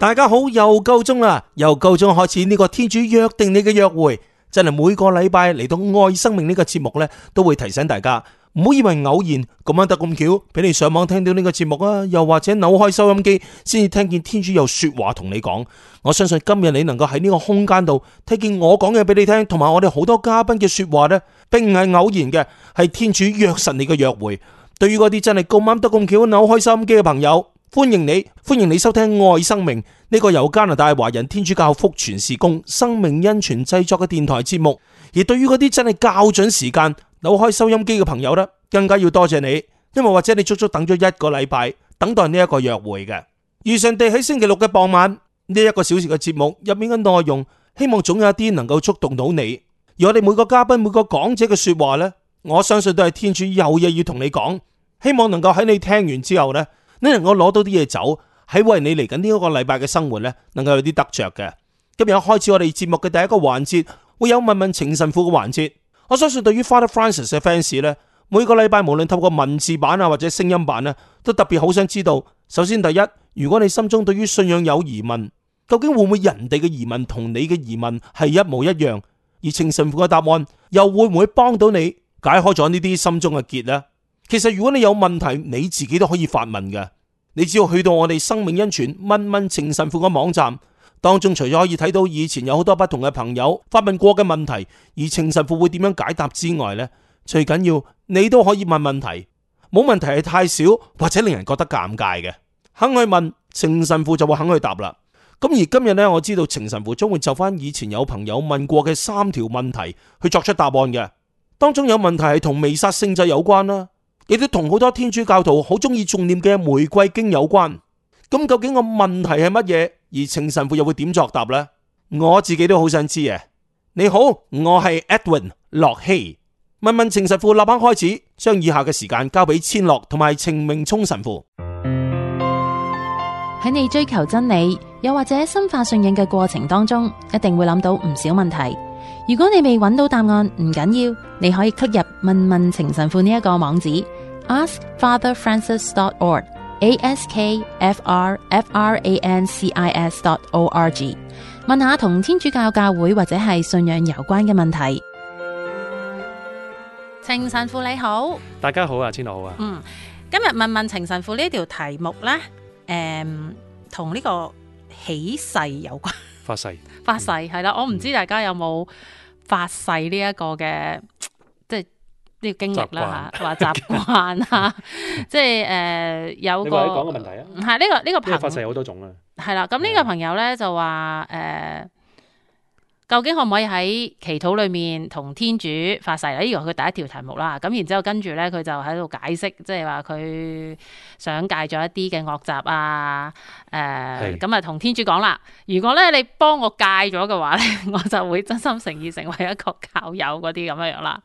大家好，又夠鐘啦！由夠鐘開始呢個天主約定你嘅約會，真係每個禮拜嚟到愛生命呢個節目呢，都會提醒大家，唔好以為偶然咁啱得咁巧，俾你上網聽到呢個節目啊，又或者扭開收音機先至聽見天主有說話同你講。我相信今日你能夠喺呢個空間度聽見我講嘅俾你聽，同埋我哋好多嘉賓嘅說話呢，並唔係偶然嘅，係天主約實你嘅約會。對於嗰啲真係咁啱得咁巧，巧扭開收音機嘅朋友。歡迎你，歡迎你收聽愛生命呢個由加拿大華人天主教福傳事工生命恩泉製作嘅電台節目。而對於嗰啲真係較准時間扭開收音機嘅朋友呢，更加要多謝你，因為或者你足足等咗一個禮拜，等待呢一個約會嘅。如常地喺星期六嘅傍晚呢一個小時嘅節目入面嘅內容，希望總有一啲能夠觸動到你。而我哋每個嘉賓、每個講者嘅說話呢，我相信都係天主有嘢要同你講，希望能夠喺你聽完之後呢。你能夠攞到啲嘢，走，係為你嚟緊呢一個禮拜嘅生活咧，能夠有啲得着嘅。今日開始我哋節目嘅第一個環節，會有問問情神父嘅環節。我相信對於 Father Francis 嘅 fans 咧，每個禮拜無論透過文字版啊，或者聲音版咧，都特別好想知道。首先第一，如果你心中對於信仰有疑問，究竟會唔會人哋嘅疑問同你嘅疑問係一模一樣？而情神父嘅答案又會唔會幫到你解開咗呢啲心中嘅結咧？其實如果你有問題，你自己都可以發問嘅。你只要去到我哋生命恩泉問問情神父嘅網站當中，除咗可以睇到以前有好多不同嘅朋友發問過嘅問題，而情神父會點樣解答之外呢，最緊要你都可以問問題。冇問題係太少或者令人覺得尷尬嘅，肯去問情神父就會肯去答啦。咁而今日呢，我知道情神父將會就翻以前有朋友問過嘅三條問題去作出答案嘅。當中有問題係同未殺聖祭有關啦。亦都同好多天主教徒好中意重念嘅玫瑰經有關。咁究竟個問題係乜嘢？而情神父又會點作答呢？我自己都好想知啊！你好，我係 Edwin 洛希。問問情神父，立刻開始，將以下嘅時間交俾千樂同埋程明聰神父。喺你追求真理，又或者深化信仰嘅過程當中，一定會諗到唔少問題。如果你未揾到答案，唔緊要，你可以吸入問問情神父呢一個網址。AskFatherFrancis.org，A.S.K.F.R.F.R.A.N.C.I.S.dot.O.R.G，問下同天主教教會或者係信仰有關嘅問題。情神父你好，大家好啊，千老好啊。嗯，今日問問情神父呢一條題目咧，誒、嗯，同呢個起誓有關。發誓？發誓係啦，我唔知大家有冇發誓呢一個嘅。啲經歷啦，話習慣啊，即係誒有個。你講嘅問題啊，係呢、這個呢、這個發誓有好多種啊。係啦，咁呢個朋友咧就話誒、呃，究竟可唔可以喺祈禱裏面同天主發誓？這個他他就是、他啊？呢個佢第一條題目啦。咁然之後跟住咧，佢就喺度解釋，即係話佢想戒咗一啲嘅惡習啊。誒，咁啊同天主講啦，如果咧你幫我戒咗嘅話咧，我就會真心誠意成為一個教友嗰啲咁樣樣啦。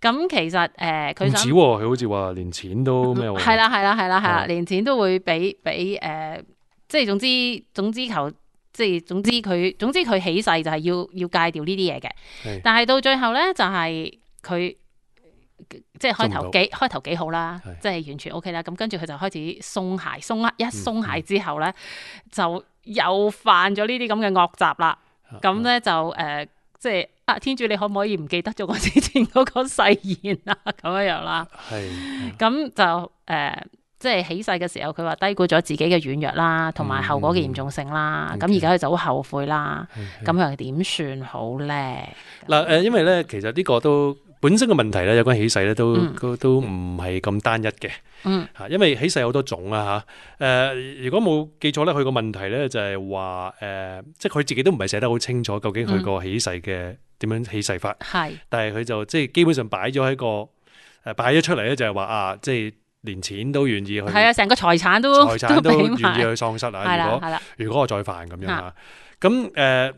咁其實誒，佢、呃、唔止喎，佢好似話連錢都咩喎？係啦係啦係啦係啦，連錢都會俾俾誒，即係總之總之求，即係總之佢總之佢起勢就係要要戒掉呢啲嘢嘅。但係到最後咧就係、是、佢即係開頭幾開頭幾好啦，是即係完全 O、OK、K 啦。咁跟住佢就開始鬆懈，鬆一鬆懈之後咧、嗯嗯、就又犯咗、嗯、呢啲咁嘅惡習啦。咁、嗯、咧就誒、呃，即係。啊！天主，你可唔可以唔記得咗我之前嗰個誓言啊？咁樣樣啦，係咁就誒，即係起誓嘅時候，佢話低估咗自己嘅軟弱啦，同埋後果嘅嚴重性啦。咁而家佢就好後悔啦。咁佢又點算好咧？嗱誒，因為咧，其實呢個都本身嘅問題咧，有關起誓咧，都都都唔係咁單一嘅。嗯，吓，因為起誓有好多種啊吓。誒，如果冇記錯咧，佢個問題咧就係話誒，即係佢自己都唔係寫得好清楚，究竟佢個起誓嘅。點樣起誓法？係，但係佢就即係基本上擺咗喺個誒，擺咗出嚟咧就係話啊，即係連錢都願意去，係啊，成個財產都財產都願意去喪失啊！如果如果我再犯咁樣啊，咁誒，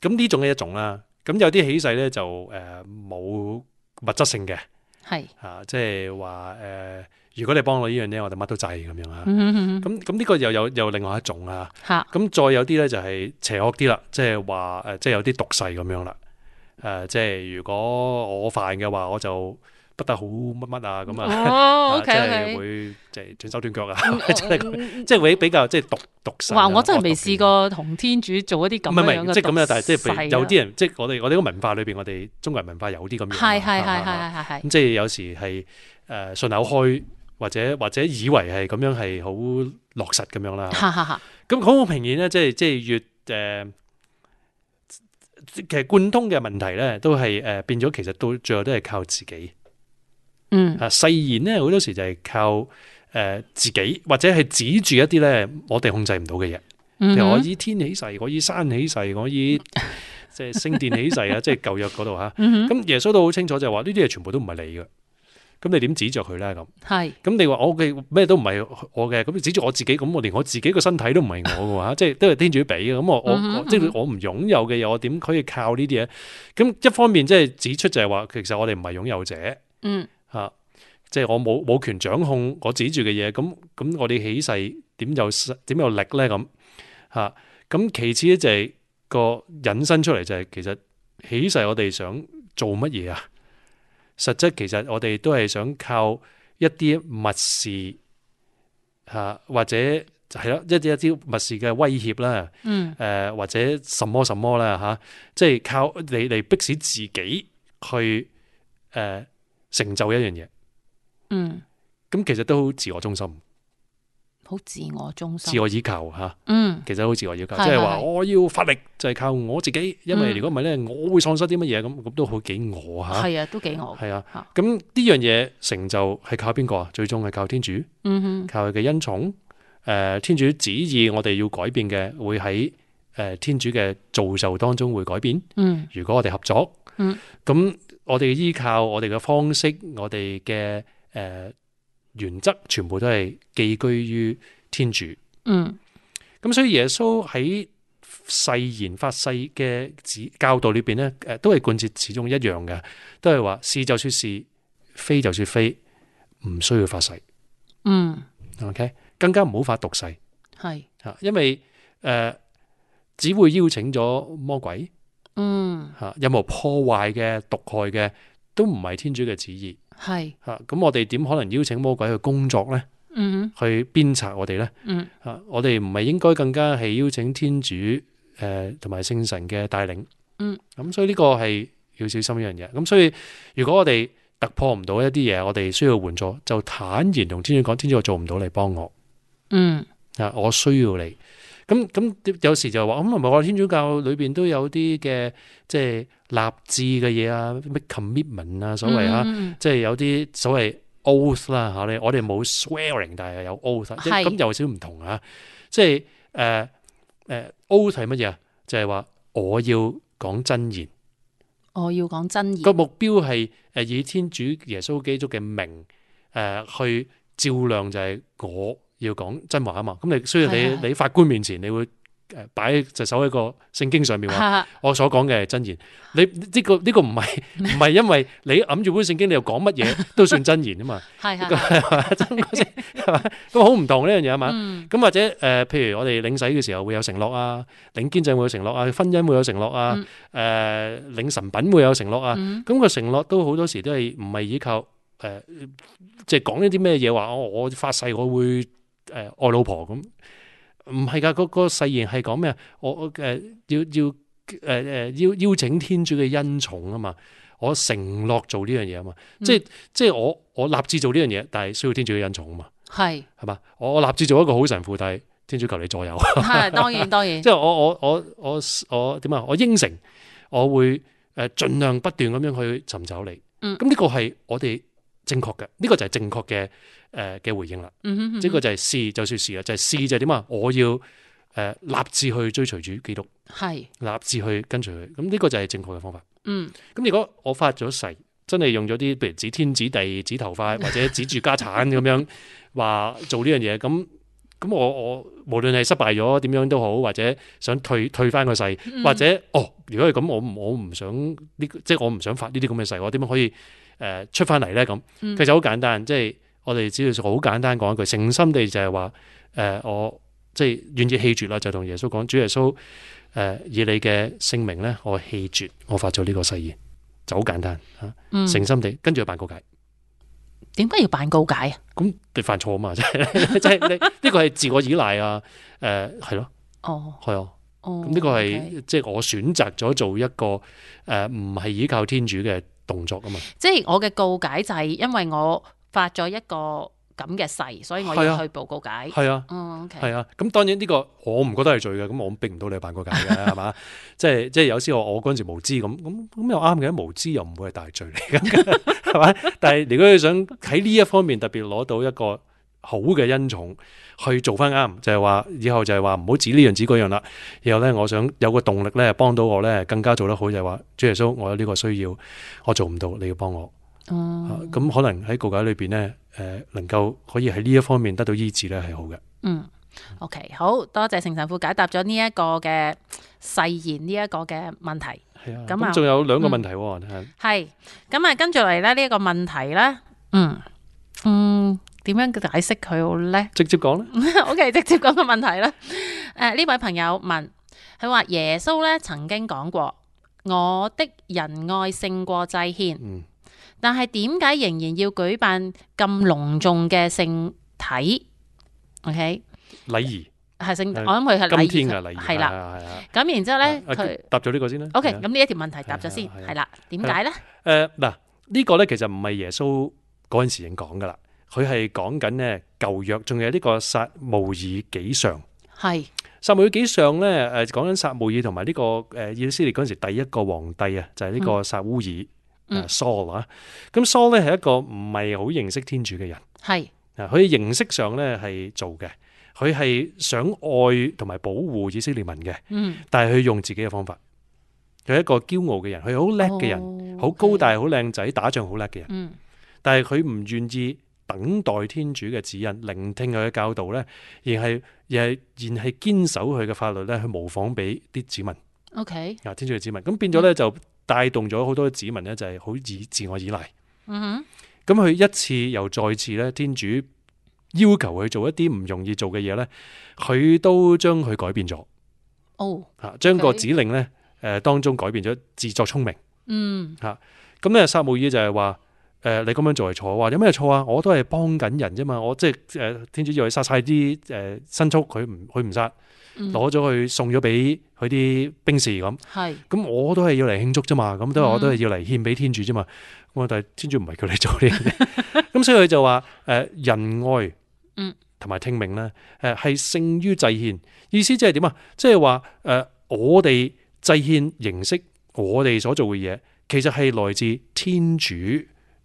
咁呢種係一種啦，咁有啲起誓咧就誒冇物質性嘅，係啊，即係話誒，如果你幫我呢樣嘢，我哋乜都制咁樣啊，咁咁呢個又有又另外一種啊，吓，咁再有啲咧就係邪惡啲啦，即係話誒，即係有啲毒誓咁樣啦。即係如果我犯嘅話，我就不得好乜乜啊咁啊，即、oh, 係、okay, 嗯、會即斷手斷腳啊！即係會比較即係獨獨話我真係未試過同天主做一啲咁樣嘅獨，唔係唔係，即係咁樣，但係即係有啲人，即係我哋我哋個文化裏面，我哋中國人文化有啲咁樣。係係即係有時係誒、呃、信口開，或者或者以為係咁樣係好落實咁樣啦。咁好到平時咧，即係即越、呃其實貫通嘅問題咧，都係誒變咗，其實到最後都係靠自己。嗯啊，誓言咧好多時就係靠誒、呃、自己，或者係指住一啲咧我哋控制唔到嘅嘢。譬、嗯、如我以天起誓，我以山起誓，我以即係聖殿起誓啊，即 係舊約嗰度吓。咁、嗯、耶穌都好清楚就係話，呢啲嘢全部都唔係你嘅。咁你點指住佢咧？咁係，咁你話我嘅咩都唔係我嘅，咁指住我自己，咁我連我自己個身體都唔係我嘅， 即係都係天主俾嘅。咁我我即係我唔擁有嘅嘢，我點、就是、可以靠呢啲嘢？咁一方面即係指出就係話，其實我哋唔係擁有者，吓、嗯，即、啊、係、就是、我冇冇權掌控我指住嘅嘢。咁咁我哋起誓點有點有力咧？咁、啊、吓，咁其次就係個引申出嚟就係，其實起誓我哋想做乜嘢啊？實質其實我哋都係想靠一啲密事嚇，或者係咯一啲一啲物事嘅威脅啦，嗯，誒或者什麼什麼啦嚇，即係靠你嚟迫使自己去誒、呃、成就一樣嘢，嗯，咁其實都好自我中心。好自我中心，自我依靠吓，嗯，其實好自我依靠，即係話我要發力就係、是、靠我自己，因為如果唔係咧，我會喪失啲乜嘢咁，咁都好幾我吓，係啊，都幾我，係啊，咁呢樣嘢成就係靠邊個啊？最終係靠天主，嗯哼，靠佢嘅恩寵，誒、呃，天主旨意，我哋要改變嘅會喺誒天主嘅造就當中會改變，嗯，如果我哋合作，嗯，咁我哋依靠我哋嘅方式，我哋嘅誒。呃原則全部都係寄居於天主。嗯，咁所以耶穌喺誓言發誓嘅教導裏邊咧，誒，都係貫徹始終一樣嘅，都係話是就說是，非就說非，唔需要發誓。嗯，OK，更加唔好發毒誓。係吓，因為誒、呃、只會邀請咗魔鬼。嗯吓，任何破壞嘅毒害嘅，都唔係天主嘅旨意。係吓，咁、啊、我哋點可能邀請魔鬼去工作咧？嗯哼，去鞭策我哋咧？嗯、mm、吓 -hmm. 啊，我哋唔係應該更加係邀請天主誒同埋聖神嘅帶領？嗯、mm -hmm. 啊，咁所以呢個係要小心一樣嘢。咁所以如果我哋突破唔到一啲嘢，我哋需要援助，就坦然同天主講：天主我做唔到，你幫我。嗯、mm -hmm. 啊，我需要你。咁咁有時就話咁，係咪我哋天主教裏邊都有啲嘅即係立志嘅嘢啊，咩 commitment 啊，所謂啊、嗯，即係有啲所謂 oath 啦嚇。我哋冇 swearing，但係有 oath，咁有少少唔同啊。即係誒誒 oath 係乜嘢啊？就係、是、話我要講真言，我要講真言個目標係誒以天主耶穌基督嘅名誒去、呃、照亮，就係我。要講真話啊嘛，咁你所以你你法官面前，你會誒擺隻手喺個聖經上面話，我所講嘅係真言。你呢個呢個唔係唔係因為你揞住本聖經，你又講乜嘢都算真言啊嘛，係係，係嘛？咁好唔同呢樣嘢啊嘛。咁或者誒，譬如我哋領洗嘅時候會有承諾啊，領堅振會有承諾啊，婚姻會有承諾啊，誒領神品會有承諾啊。咁個承諾都好多時都係唔係依靠誒，即係講一啲咩嘢話，我我發誓我會。誒、呃，愛老婆咁唔係噶，嗰、那個誓言係講咩？我誒、呃、要要誒誒邀邀請天主嘅恩寵啊嘛，我承諾做呢樣嘢啊嘛，即係即係我我立志做呢樣嘢，但係需要天主嘅恩寵啊嘛，係係嘛，我我立志做一個好神父，但係天主求你助佑。當然當然， 即係我我我我我點啊？我，我，我，我，我應承我會誒盡量不斷咁樣去尋找你，嗯，咁呢個係我哋。正確嘅呢個就係正確嘅誒嘅回應啦。嗯哼，哼，哼，呢、這個就係是試就算係啦，就係是試就係點啊？我要誒、呃、立志去追隨主基督，係立志去跟隨佢。咁、這、呢個就係正確嘅方法。嗯，咁如果我發咗誓，真係用咗啲，譬如指天、指地、指頭髮或者指住家產咁樣話 做呢樣嘢，咁咁我我，我無論係失敗咗點樣都好，或者想退退翻個誓，嗯、或者哦，如果係咁，我我唔想呢，即係我唔想發呢啲咁嘅誓，我點樣可以？誒，出翻嚟咧咁，其實好簡單，即、嗯、係、就是、我哋只要好簡單講一句，誠心地就係話，誒、呃，我即係願意棄絕啦，就同、是、耶穌講，主耶穌，誒、呃，以你嘅聖名咧，我棄絕，我發咗呢個誓言，就好簡單吓，誠、嗯、心地，跟住去辦告解，點解要辦告解啊？咁，你犯錯啊嘛，即係即係你呢個係自我依賴啊，誒、呃，係咯、啊，哦，係啊，咁、哦、呢個係即係我選擇咗做一個誒，唔、呃、係依靠天主嘅。動作嘛，即係我嘅告解就係因為我發咗一個咁嘅誓，所以我要去報告解，係啊，嗯，OK，係啊，咁當然呢個我唔覺得係罪嘅，咁我逼唔到你去辦告解嘅，係 嘛，即係即係有時候我我嗰陣時無知咁，咁咁又啱嘅，無知又唔會係大罪嚟嘅，係 嘛，但係如果你想喺呢一方面特別攞到一個好嘅恩寵，去做翻啱，就係話以後就係話唔好指呢樣指嗰樣啦。然後咧，我想有個動力咧，幫到我咧更加做得好，就係、是、話主耶穌，我有呢個需要，我做唔到，你要幫我哦。咁、嗯啊、可能喺告解裏邊咧，誒、呃，能夠可以喺呢一方面得到醫治咧，係好嘅。嗯，OK，好多謝成神父解答咗呢一個嘅誓言呢一個嘅問題。係啊，咁、嗯、仲有兩個問題喎，係。係，咁啊，嗯、跟住嚟咧呢一個問題咧，嗯，嗯。點樣解釋佢好咧？直接講啦。O K，直接講個問題啦。誒，呢位朋友問，佢話耶穌咧曾經講過，我的仁愛勝過祭獻。嗯。但係點解仍然要舉辦咁隆重嘅聖體？O K。禮儀係聖，我諗佢係今天嘅禮儀。係啦。咁然之後咧，佢答咗呢個先啦。O K，咁呢一條問題答咗先，係啦。點解咧？誒，嗱，呢個咧其實唔係耶穌嗰陣時已經講噶啦。佢係講緊咧舊約，仲有呢個撒摩爾紀上，係撒摩爾紀上咧誒，講緊撒摩爾同埋呢個誒，以色列嗰陣時第一個皇帝啊，就係呢個撒烏爾誒蘇啊，咁蘇咧係一個唔係好認識天主嘅人，係啊，佢嘅形式上咧係做嘅，佢係想愛同埋保護以色列民嘅，嗯，但係佢用自己嘅方法，佢係一個驕傲嘅人，佢係好叻嘅人，好高大、好靚仔、打仗好叻嘅人，嗯，但係佢唔願意，等待天主嘅指引，聆聽佢嘅教導咧，而係而係而係堅守佢嘅法律咧，去模仿俾啲子民。O K 啊，天主嘅子民，咁變咗咧就帶動咗好多子民咧，就係好以自我依賴。嗯哼，咁佢一次又再次咧，天主要求佢做一啲唔容易做嘅嘢咧，佢都將佢改變咗。哦，吓，將個指令咧，誒，當中改變咗自作聰明。嗯、mm-hmm.，吓，咁咧撒母耳就係話。誒、呃，你咁樣做係錯話，有咩錯啊？我都係幫緊人啫嘛。我即係誒，天主叫佢殺晒啲誒，牲畜，佢唔佢唔殺，攞咗、嗯、去送咗俾佢啲兵士咁。係咁，我都係要嚟慶祝啫嘛。咁都我都係要嚟獻俾天主啫嘛。我、嗯、但係天主唔係叫你做、 呃、呢，咁所以佢就話誒仁愛同埋聽命咧，誒係勝於祭獻。意思即係點啊？即係話誒，我哋祭獻形式，我哋所做嘅嘢其實係來自天主。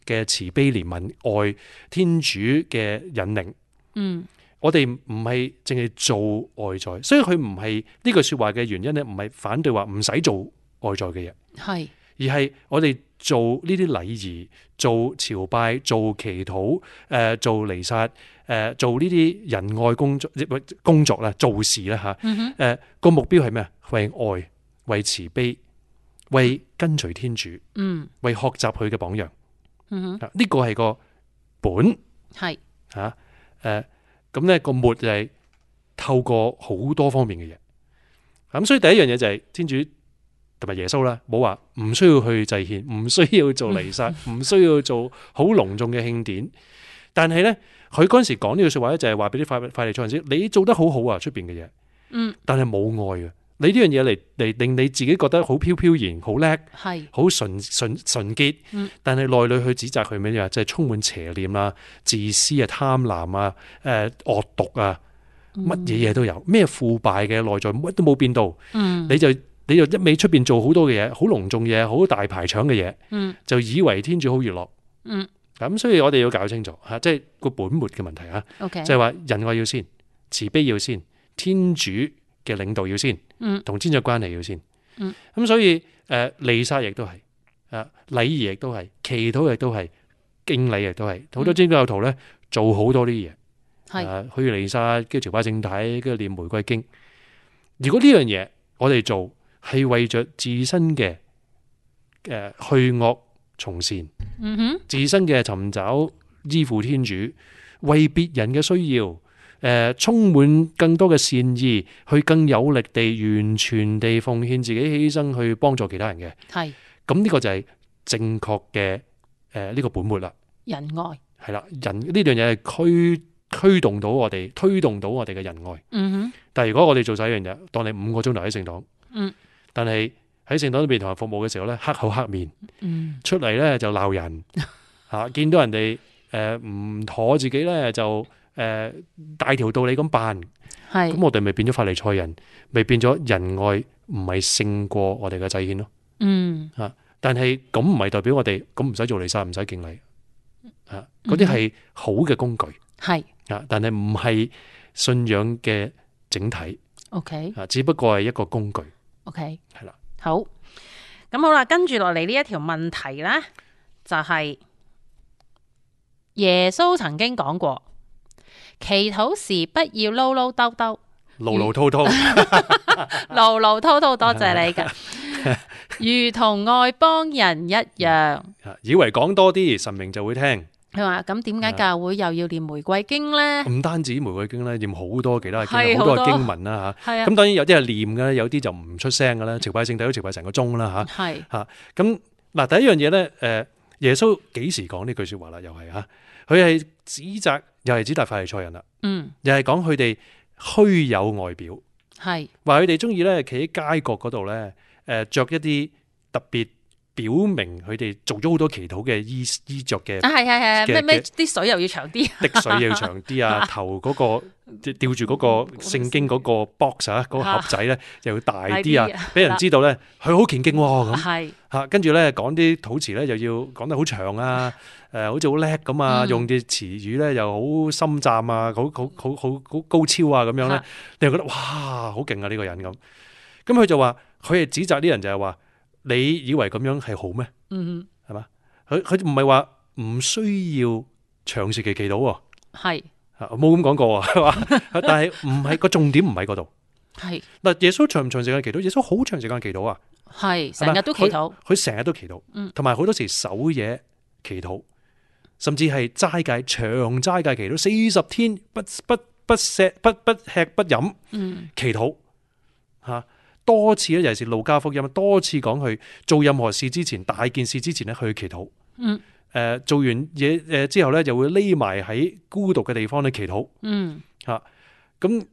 嘅慈悲憐憫愛天主嘅引領，嗯，我哋唔係淨係做外在，所以佢唔係呢句說話嘅原因咧，唔係反對話唔使做外在嘅嘢，係而係我哋做呢啲禮儀、做朝拜、做祈禱、誒、呃、做彌撒、誒、呃、做呢啲仁愛工作，亦或工作啦，做事啦吓。誒、啊、個、嗯呃、目標係咩啊？為愛、為慈悲、為跟隨天主，嗯，為學習佢嘅榜樣。嗯哼，嗱呢個係個本係吓，誒咁咧，個末就係透過好多方面嘅嘢，咁所以第一樣嘢就係天主同埋耶穌啦，冇話唔需要去祭獻，唔需要做彌撒，唔需要做好隆重嘅慶典，但係咧佢嗰時講呢句說話咧，就係話俾啲快快遞菜人知，你做得好好啊，出邊嘅嘢，嗯，但係冇愛嘅。你呢樣嘢，嚟嚟，令你自己覺得好飄飄然，好叻，係好純純純潔，但係內裏去指責佢咩嘢啊？就係、是、充滿邪念啦、啊、自私啊、貪婪啊、誒、呃、惡毒啊，乜嘢嘢都有，咩、嗯、腐敗嘅內在乜都冇變到、嗯，你就你就一味出邊做好多嘅嘢，好隆重嘢，好大排場嘅嘢，就以為天主好悅樂，嗯，咁所以我哋要搞清楚吓，即係個本末嘅問題啊，OK，就係話仁愛要先，慈悲要先，天主，嘅領導要先，同宗教關係要先，咁、嗯、所以誒，彌撒亦都係，啊禮儀亦都係，祈禱亦都係，敬禮亦都係，好多基督教徒咧做好多呢啲嘢，去彌撒、跟、呃、住朝拜聖體、跟住念玫瑰經。如果呢樣嘢我哋做係為着自身嘅誒去惡從善、嗯，自身嘅尋找依附天主，為別人嘅需要。誒、呃，充滿更多嘅善意，去更有力地、完全地奉獻自己、犧牲去幫助其他人嘅，係。咁呢個就係正確嘅，誒、呃、呢、這個本末啦。仁愛係啦，人呢樣嘢係驅推動到我哋，推動到我哋嘅仁愛。嗯哼。但係如果我哋做晒一樣嘢，當你五個鐘頭喺聖堂，嗯，但係喺聖堂裏邊同人服務嘅時候咧，黑口黑面，嗯，出嚟咧就鬧人，吓、 啊、見到人哋誒唔妥自己咧就。誒，大條道理咁辦，係咁我哋咪變咗法利賽人，咪變咗仁愛唔係勝過我哋嘅祭獻咯。嗯啊，但係咁唔係代表我哋咁唔使做彌撒，唔使敬禮啊。嗰啲係好嘅工具，係啊，但係唔係信仰嘅整體。O K 啊，只不過係一個工具。O K 係啦，好咁好啦，跟住落嚟呢一條問題咧，就係耶穌曾經講過。祈禱時不要嘮嘮兜兜、嘮嘮叨叨，嘮嘮叨叨，多謝你噶，如同外邦人一樣，以為講多啲神明就會聽。佢話，咁點解教會又要念玫瑰經咧？唔單止玫瑰經咧，念好多其他經，好多經文啦吓。咁當然有啲係念噶，有啲就唔出聲噶啦。朝拜聖體都朝拜成個鐘啦吓。係吓咁嗱，第一樣嘢咧，誒，耶穌幾時講呢句說話啦？又係啊。佢係指責，又係指責法利賽人啦。嗯，又係講佢哋虛有外表，係話佢哋鍾意咧，企喺街角嗰度呢，着一啲特別。表明佢哋做咗好多祈禱嘅衣衣着嘅，係係係，咩咩啲水又要長啲，滴水又要長啲、 那個、box, 又要長啲啊！頭嗰個吊住嗰個聖經嗰個 box 嗰個盒仔咧，又要大啲啊！俾人知道咧，佢好虔敬咁，係吓，跟住咧講啲土詞咧，又要講得好長啊！誒，好似好叻咁啊，用啲詞語咧又好深湛啊，好好好好好好高超啊，咁樣咧， 你又覺得哇，好勁啊呢個人咁。咁佢就話，佢係指責啲人就係話。你以為咁樣係好咩？嗯，係嘛？佢佢唔係話唔需要長時期祈禱喎。係，冇咁講過啊，係嘛？但係唔係個重點，唔喺嗰度。係嗱，耶穌長唔長時間祈禱？耶穌好長時間祈禱啊。係，成日都祈禱。佢成日都祈禱，嗯，同埋好多時守夜祈禱，甚至係齋戒長齋戒祈禱，四十天不不不食不不吃不飲，嗯，祈禱吓。多次咧，尤其是路加福音，多次講佢做任何事之前，大件事之前咧，去祈禱。嗯，誒、呃，做完嘢，誒、呃、之後咧，就會匿埋喺孤獨嘅地方咧祈禱。嗯，吓、啊，咁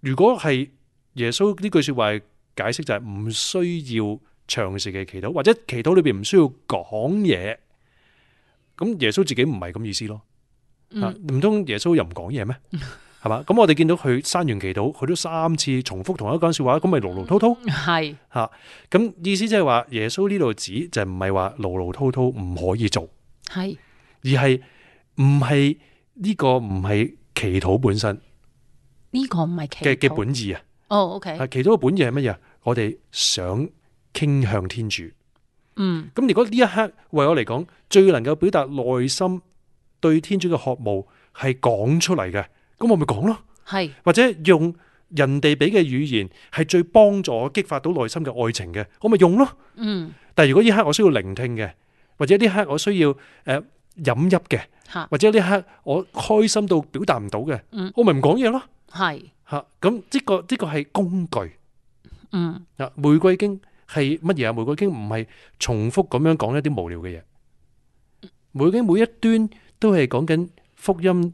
如果係耶穌呢句說話解釋就係唔需要長時嘅祈禱，或者祈禱裏邊唔需要講嘢，咁耶穌自己唔係咁意思咯、啊。嗯，唔通耶穌又唔講嘢咩？係嘛？咁我哋見到佢三完祈禱，佢都三次重複同一句說話，咁咪牢牢滔滔？係、嗯、吓、咁、啊、意思即係話耶穌呢度指就唔係話牢牢滔滔唔可以做，係而係唔係呢個唔係祈禱本身，呢、這個唔係祈禱嘅嘅本意啊。哦、oh，OK，係祈禱嘅本意係乜嘢？我哋想傾向天主。嗯，咁如果呢一刻為我嚟講最能夠表達內心對天主嘅渴慕係講出嚟嘅。咁我咪講咯，係或者用人哋俾嘅語言係最幫助我激發到內心嘅愛情嘅，我咪用咯。嗯，但係如果呢刻我需要聆聽嘅，或者呢刻我需要誒飲泣嘅，或者呢刻我開心到表達唔到嘅，我咪唔講嘢咯。係吓，咁呢個呢個係工具。嗯，啊，玫瑰經係乜嘢啊？玫瑰經唔係重複咁樣講一啲無聊嘅嘢，玫瑰經每一端都係講緊福音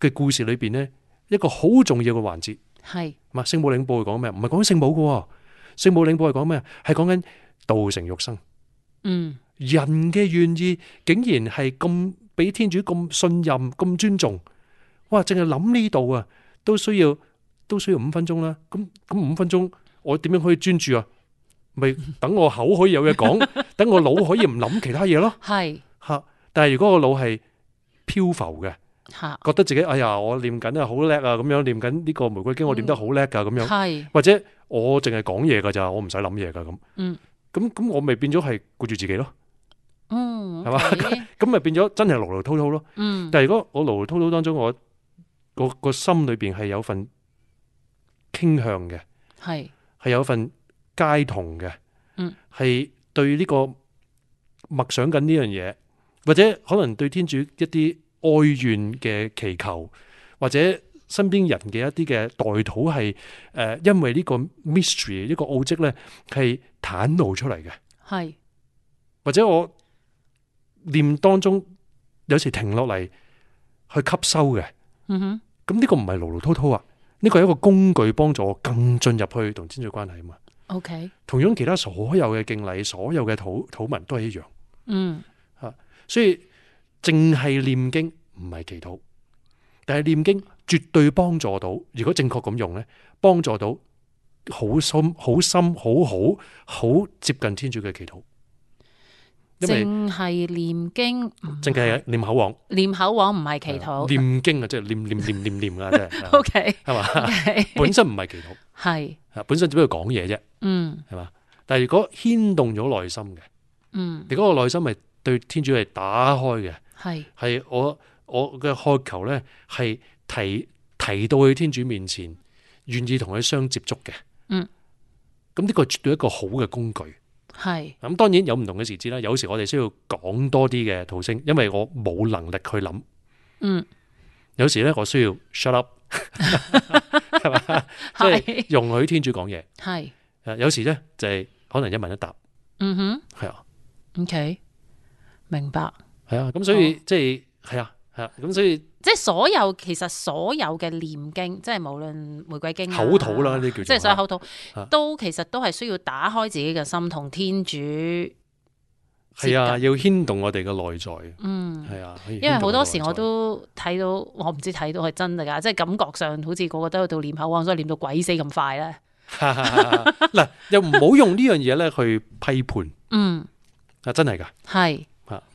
嘅故事裏邊咧，一個好重要嘅環節係，嘛聖母領報係講咩？唔係講聖母嘅，聖母領報係講咩？係講緊道成肉身。嗯，人嘅願意竟然係咁俾天主咁信任、咁尊重，哇！淨係諗呢度啊，都需要都需要五分鐘啦。咁咁五分鐘，我點樣可以專注啊？咪等我口可以有嘢講，等我腦可以唔諗其他嘢咯。係，吓。但係如果個腦係漂浮嘅。覺得自己哎呀，我念緊啊好叻啊，咁樣念緊呢個玫瑰經，我念得好叻噶咁樣，或者我淨係講嘢噶咋，我唔使諗嘢噶咁。嗯，咁咁我咪變咗係顧住自己咯。嗯，係嘛，咁咪變咗真係勞勞滔滔咯。但係如果我勞勞滔滔當中，我個心裏邊係有份傾向嘅，係係有份皆同嘅。嗯，係對呢個默想緊呢樣嘢，或者可能對天主一啲。哀怨嘅祈求，或者身邊人嘅一啲嘅代禱，係誒，因為呢個 mystery，呢個奧迹咧，係袒露出嚟嘅。係或者我念當中有時停落嚟去吸收嘅。嗯哼，咁呢個唔係嘮嘮滔滔啊，呢個係一個工具幫助我更進入去同天主關係啊嘛。Okay，同樣其他所有嘅敬禮，所有嘅禱禱文都係一樣。嗯，吓、啊，所以。淨係念經唔係祈禱，但係念經絕對幫助到。如果正確咁用咧，幫助到好深、好深好好好接近天主嘅祈禱。因為淨係念經，淨係念口簧，念口簧唔係祈禱。念經啊，即係念念念念念啊，即 係、okay。O K 係嘛，本身唔係祈禱，係本身只不過講嘢啫。嗯，係嘛。但係如果牽動咗內心嘅，嗯，你嗰個內心係對天主係打開嘅。係係我我嘅渴求咧，係提提到去天主面前，願意同佢相接觸嘅。嗯，咁呢個絕對一個好嘅工具。係咁，當然有唔同嘅時節啦。有時我哋需要講多啲嘅禱聲，因為我冇能力去諗。嗯，有時咧我需要 shut up，即 係、 就是、容許天主講嘢。係誒，有時咧就係可能一問一答。嗯哼，係啊。OK，明白。係啊，咁所以、哦、即係係啊，係啊，咁所以即係所有其實所有嘅念經，即係無論玫瑰經、啊、口禱啦，呢啲即係所謂口禱，都、啊、其實都係需要打開自己嘅心同天主。係啊，要牽動我哋嘅內在。嗯，係啊可以，因為好多時我都睇到，我唔知睇到係真定假，即係感覺上好似個個都喺度念口所以念到鬼死咁快咧。嗱， 又唔好用呢樣嘢咧去批判。嗯、啊，真係噶係。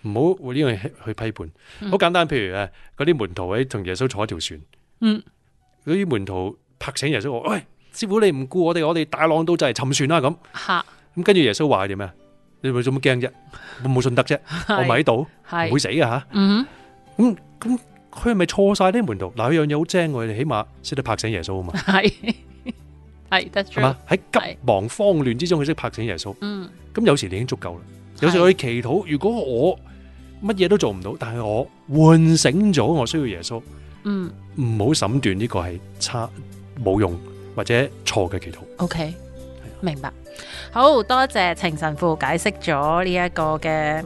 唔好會呢樣去批判，好簡單，譬如誒嗰啲門徒喺同耶穌坐一條船，嗯，嗰啲門徒拍醒耶穌，我喂師傅你唔顧我哋，我哋大浪都就嚟沉船啦咁，吓，咁跟住耶穌話啲咩？你咪做乜驚啫？我冇信德啫，我咪喺度，唔會死噶吓，嗯，咁咁佢係咪錯晒啲門徒，嗱，有樣嘢好精嘅，我哋起碼識得拍醒耶穌啊嘛，係係得係嘛，喺急忙慌亂之中佢識拍醒耶穌，嗯，咁有時你已經足夠啦。有時去祈禱，如果我乜嘢都做唔到，但係我喚醒咗我需要耶穌，嗯，唔好審斷呢個係差冇用或者錯嘅祈禱。OK，明白，好多謝程神父解釋咗呢一個嘅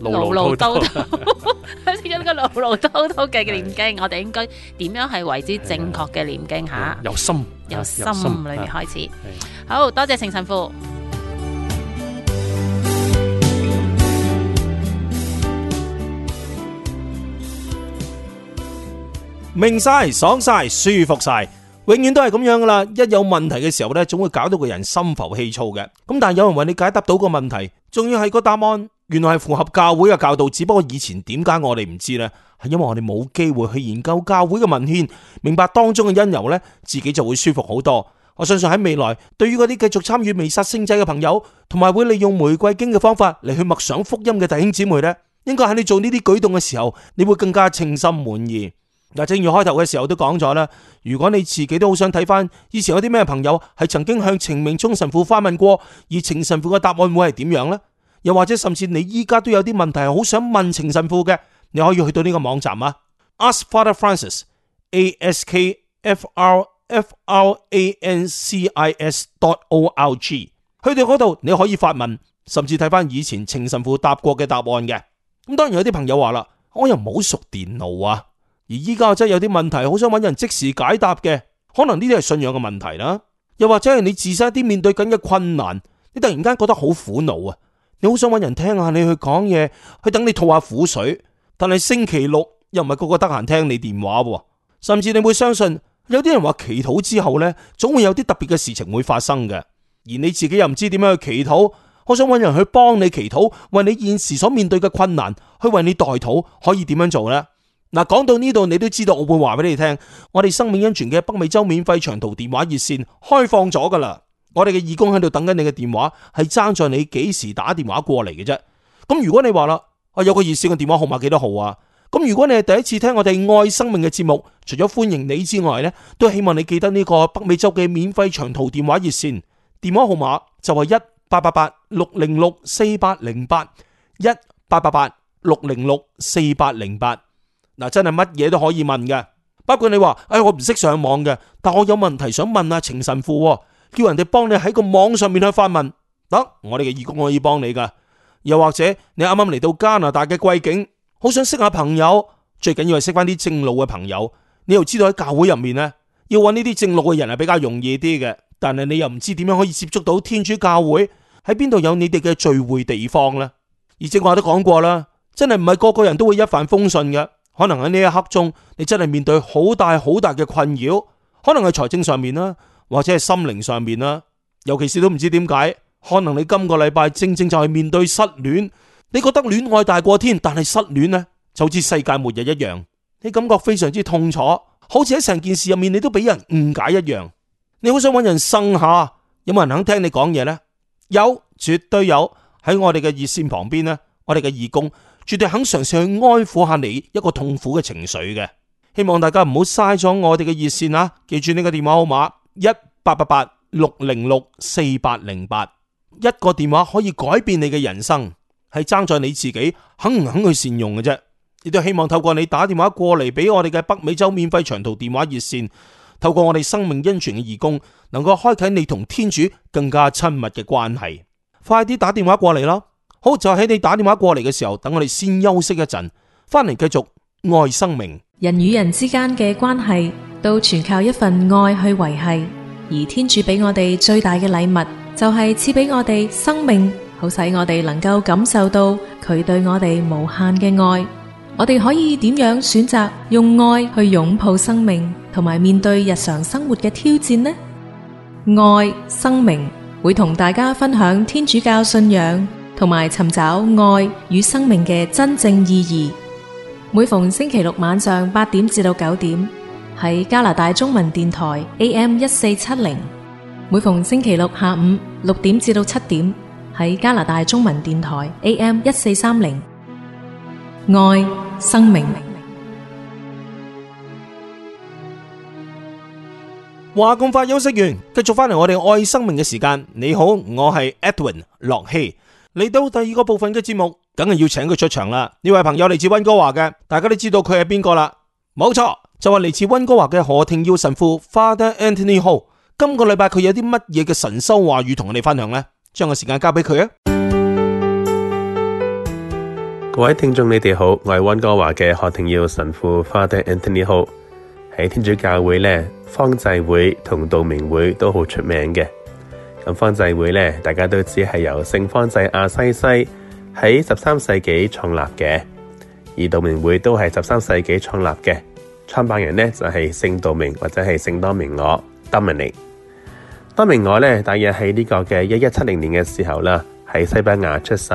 路路兜兜，好似一個路路兜兜嘅念經，我哋應該點樣係為之正確嘅念經？吓，由心由心裏面開始，好多謝程神父。明晒、爽晒、舒服晒，永遠都係咁樣噶啦。一有問題嘅時候咧，總會搞到個人心浮氣躁嘅。咁但係有人為你解答到個問題，仲要係個答案，原來係符合教會嘅教導。只不過以前點解我哋唔知咧，係因為我哋冇機會去研究教會嘅文獻，明白當中嘅因由咧，自己就會舒服好多。我相信喺未來，對於嗰啲繼續參與彌撒聖祭嘅朋友，同埋會利用玫瑰經嘅方法嚟去默想福音嘅弟兄姊妹咧，應該喺你做呢啲舉動嘅時候，你會更加稱心滿意。嗱，正如開頭嘅時候都講咗啦，如果你自己都好想睇翻以前有啲咩朋友係曾經向程明忠神父發問過，而程神父嘅答案會係點樣呢？又或者甚至你依家都有啲問題係好想問程神父嘅，你可以去到呢個網站啊，Ask Father Francis a s k f r f r a n c i s dot o r g 去到嗰度，你可以發問，甚至睇翻以前程神父答過嘅答案嘅。咁當然有啲朋友話啦，我又唔好熟電腦啊。而依家真係有啲問題，好想搵人即時解答嘅，可能呢啲係信仰嘅問題啦，又或者係你自身一啲面對緊嘅困難，你突然間覺得好苦惱啊，你好想搵人聽下你去講嘢，去等你吐下苦水，但係星期六又唔係個個得閒聽你電話，甚至你會相信有啲人話祈禱之後呢，總會有啲特別嘅事情會發生嘅，而你自己又唔知點樣去祈禱，好想搵人去幫你祈禱，為你現時所面對嘅困難去為你代禱，可以點樣做呢？嗱，講到呢度，你都知道我會話俾你聽，我哋生命恩泉嘅北美洲免費長途電話熱線開放咗噶啦。我哋嘅義工喺度等緊你嘅電話，係爭在你幾時打電話過嚟嘅啫。咁如果你話啦，啊有個熱線嘅電話號碼幾多號啊？咁如果你係第一次聽我哋愛生命嘅節目，除咗歡迎你之外呢，都希望你記得呢個北美洲嘅免費長途電話熱線電話號碼就係一八八八六零六四八零八一八八八六零六四八零八。嗱，真係乜嘢都可以問嘅。包括你話，誒、哎，我唔識上網嘅，但我有問題想問啊，情神父、哦，叫人哋幫你喺個網上面去發問，得、啊，我哋嘅義工可以幫你噶。又或者你啱啱嚟到加拿大嘅貴景，好想識下朋友，最緊要係識翻啲正路嘅朋友。你又知道喺教會入面咧，要搵呢啲正路嘅人係比較容易啲嘅。但係你又唔知點樣可以接觸到天主教會，喺邊度有你哋嘅聚會地方咧？而正話都講過啦，真係唔係個個人都會一帆風順嘅。可能喺呢一刻中，你真係面對好大好大嘅困擾，可能係財政上面啦，或者係心靈上面啦。尤其是都唔知點解，可能你今個禮拜正正就係面對失戀，你覺得戀愛大過天，但係失戀呢，就好似世界末日一樣，你感覺非常之痛楚，好似喺成件事入面你都俾人誤解一樣。你好想揾人生下，有冇人肯聽你講嘢呢？有，絕對有，喺我哋嘅熱線旁邊呢，我哋嘅義工。絕對肯嘗試去安撫下你一個痛苦嘅情緒嘅，希望大家唔好嘥咗我哋嘅熱線啊！記住呢個電話號碼：一八八八六零六四八零八。一個電話可以改變你嘅人生，係爭在你自己肯唔肯去善用嘅啫。亦都希望透過你打電話過嚟俾我哋嘅北美洲免費長途電話熱線，透過我哋生命恩泉嘅義工，能夠開啟你同天主更加親密嘅關係。快啲打電話過嚟咯！好，就喺你打電話過嚟嘅時候，等我哋先休息一陣，翻嚟繼續愛生命。人與人之間嘅關係，都全靠一份愛去維繫。而天主俾我哋最大嘅禮物，就係賜俾我哋生命，好使我哋能夠感受到佢對我哋無限嘅愛。我哋可以點樣選擇用愛去擁抱生命，同埋面對日常生活嘅挑戰呢？愛生命會同大家分享天主教信仰。同埋尋找愛與生命嘅真正意義。每逢星期六晚上八點至到九點，喺加拿大中文電台 A.M. 一四七零；每逢星期六下午六點至到七點，喺加拿大中文電台 A.M. 一四三零。愛生命。話咁快休息完，繼續翻嚟我哋愛生命嘅時間。你好，我係 Edwin 洛希。嚟到第二個部分嘅節目，梗係要請佢出場啦！呢位朋友嚟自溫哥華嘅，大家都知道佢係邊個啦？冇錯，就係、是、嚟自溫哥華嘅何、何廷耀神父 Father Anthony Ho。今個禮拜佢有啲乜嘢嘅神修話語同我哋分享呢？將個時間交俾佢啊！各位聽眾，你哋好，我係溫哥華嘅何廷耀神父 Father Anthony Ho，喺天主教會咧，方濟會同道明會都好出名嘅。聖方濟會咧，大家都知係由聖方濟亞西西喺十三世紀創立嘅，而道明會都係十三世紀創立嘅。創辦人咧就係聖道明或者係聖多明我 Dominic。多明我咧大約喺呢個嘅一一七零年嘅時候啦，喺西班牙出世。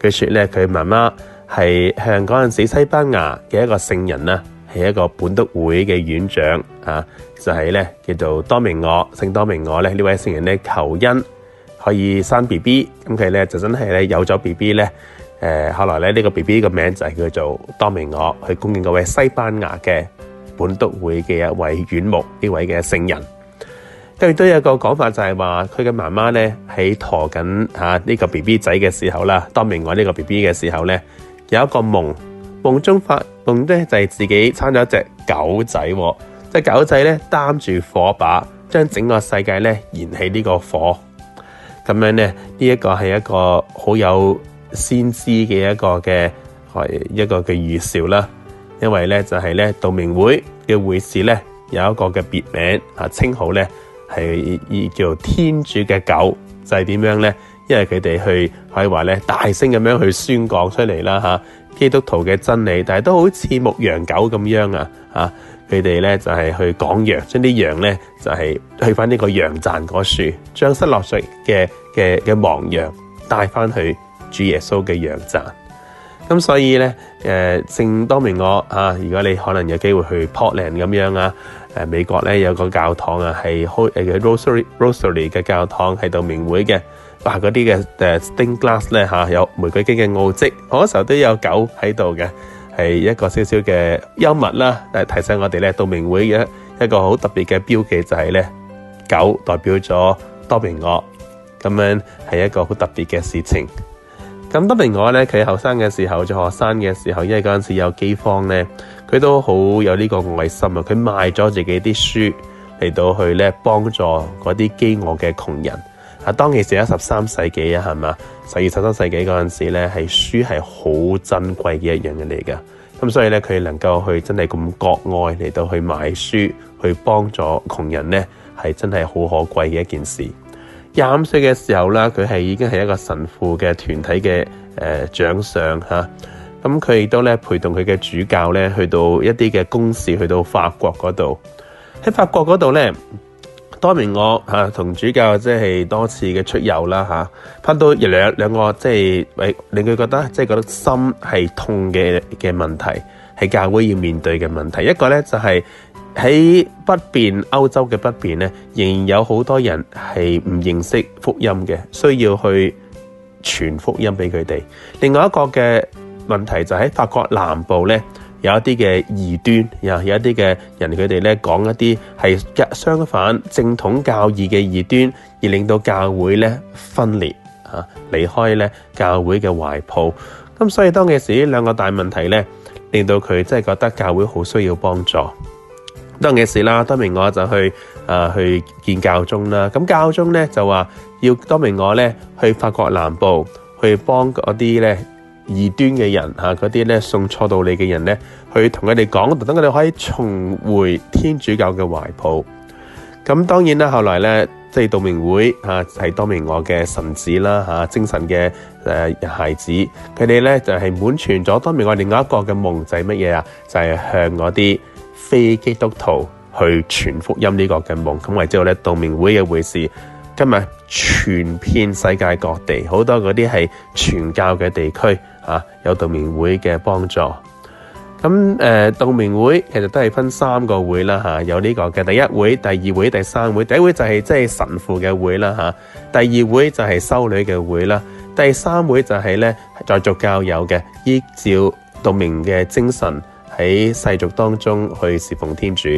據說咧佢媽媽係向嗰陣時西班牙嘅一個聖人啦。係一個本篤會嘅院長啊，就係、是、咧叫做多明我，聖多明我咧呢位聖人咧求恩可以生 B B，咁佢咧就真係咧有咗 B B 咧，誒、呃、後來咧呢、這個 B B 個名就係叫做多明我，去恭敬嗰位西班牙嘅本篤會嘅一位院牧呢位嘅聖人。跟住都有個講法就係話，佢嘅媽媽咧喺陀緊吓呢個 B B 仔嘅時候啦，多明我呢個 B B 嘅時候咧有一個夢，夢中發。同呢就係自己撐咗隻狗仔，即係狗仔咧擔住火把，將整個世界咧燃起呢個火。咁樣呢，呢一個係一個好有先知嘅一個嘅，係一個嘅預兆啦。因為咧就係、是、咧道明會嘅會士咧有一個嘅別名啊，稱號咧係叫做天主嘅狗，就係、是、點樣咧？因為佢哋去可以話咧，大聲咁樣去宣講出嚟啦、啊基督徒嘅真理，但係都好似牧羊狗咁樣啊！啊，佢哋咧就係、是、去趕羊，將啲羊咧就係、是、去翻呢個羊站嗰樹，將失落咗嘅嘅嘅亡羊帶翻去主耶穌嘅羊站。咁所以咧，誒、呃，聖多明我啊，如果你可能有機會去 Portland 咁樣啊，誒、啊，美國咧有個教堂啊係開誒嘅 Rosary Rosary 嘅教堂係道明會嘅。嗱，嗰啲嘅 stained glass 咧吓、啊，有玫瑰經嘅奧跡，嗰時候都有狗喺度嘅，係一個少少嘅幽默啦。誒，提醒我哋咧，道明會嘅一個好特別嘅標記就係咧，狗代表咗多明我，咁樣係一個好特別嘅事情。咁多明我咧，佢後生嘅時候，做學生嘅時候，因為嗰陣時有饑荒咧，佢都好有呢個愛心啊！佢賣咗自己啲書嚟到去咧幫助嗰啲飢餓嘅窮人。啊，當其時喺十三世紀啊，係嘛？十二、十三世紀嗰陣時咧，係書係好珍貴嘅一樣嘢嚟㗎。咁所以咧，佢能夠去真係咁國外嚟到去買書，去幫助窮人咧，係真係好可貴嘅一件事。廿五歲嘅時候啦，佢係已經係一個神父嘅團體嘅誒長上嚇。咁佢亦都咧陪同佢嘅主教咧去到一啲嘅公事，去到法國嗰度。喺法國嗰度咧。當年我嚇同主教即係多次嘅出遊啦吓，拍到亦兩兩個,兩個即係，喂令佢覺得即係覺得心係痛嘅嘅問題，係教會要面對嘅問題。一個咧就係、是、喺北邊歐洲嘅北邊咧，仍然有好多人係唔認識福音嘅，需要去傳福音俾佢哋。另外一個嘅問題就喺法國南部咧。有一啲嘅異端，有，有一啲嘅人，佢哋咧講一啲係相反正統教義嘅異端，而令到教會咧分裂嚇、啊、離開咧教會嘅懷抱。咁所以當其時呢兩個大問題咧，令到佢真係覺得教會好需要幫助。當其時啦，當明我就去啊去見教宗啦。咁教宗咧就話要當明我咧去法國南部去幫嗰啲咧。異端嘅人嚇，嗰啲咧送錯道理嘅人咧，去同佢哋講，等佢哋可以重回天主教嘅懷抱。咁當然啦，後來咧，即係道明會嚇係多明我嘅神子啦嚇、啊，精神嘅誒、啊、孩子，佢哋咧就係、是、滿全咗多明我另外一個嘅夢，就係乜嘢啊，就係、是就是、向嗰啲非基督徒去傳福音呢個嘅夢。咁為之後咧，道明會嘅會士，今日全遍世界各地好多嗰啲係傳教嘅地區。啊，有道明會嘅幫助，咁誒、呃，道明會其實都係分三個會啦吓、啊，有呢個嘅第一會、第二會、第三會。第一會就係即係神父嘅會啦吓、啊，第二會就係修女嘅會啦，第三會就係咧在俗教友嘅，依照道明嘅精神喺世俗當中去侍奉天主。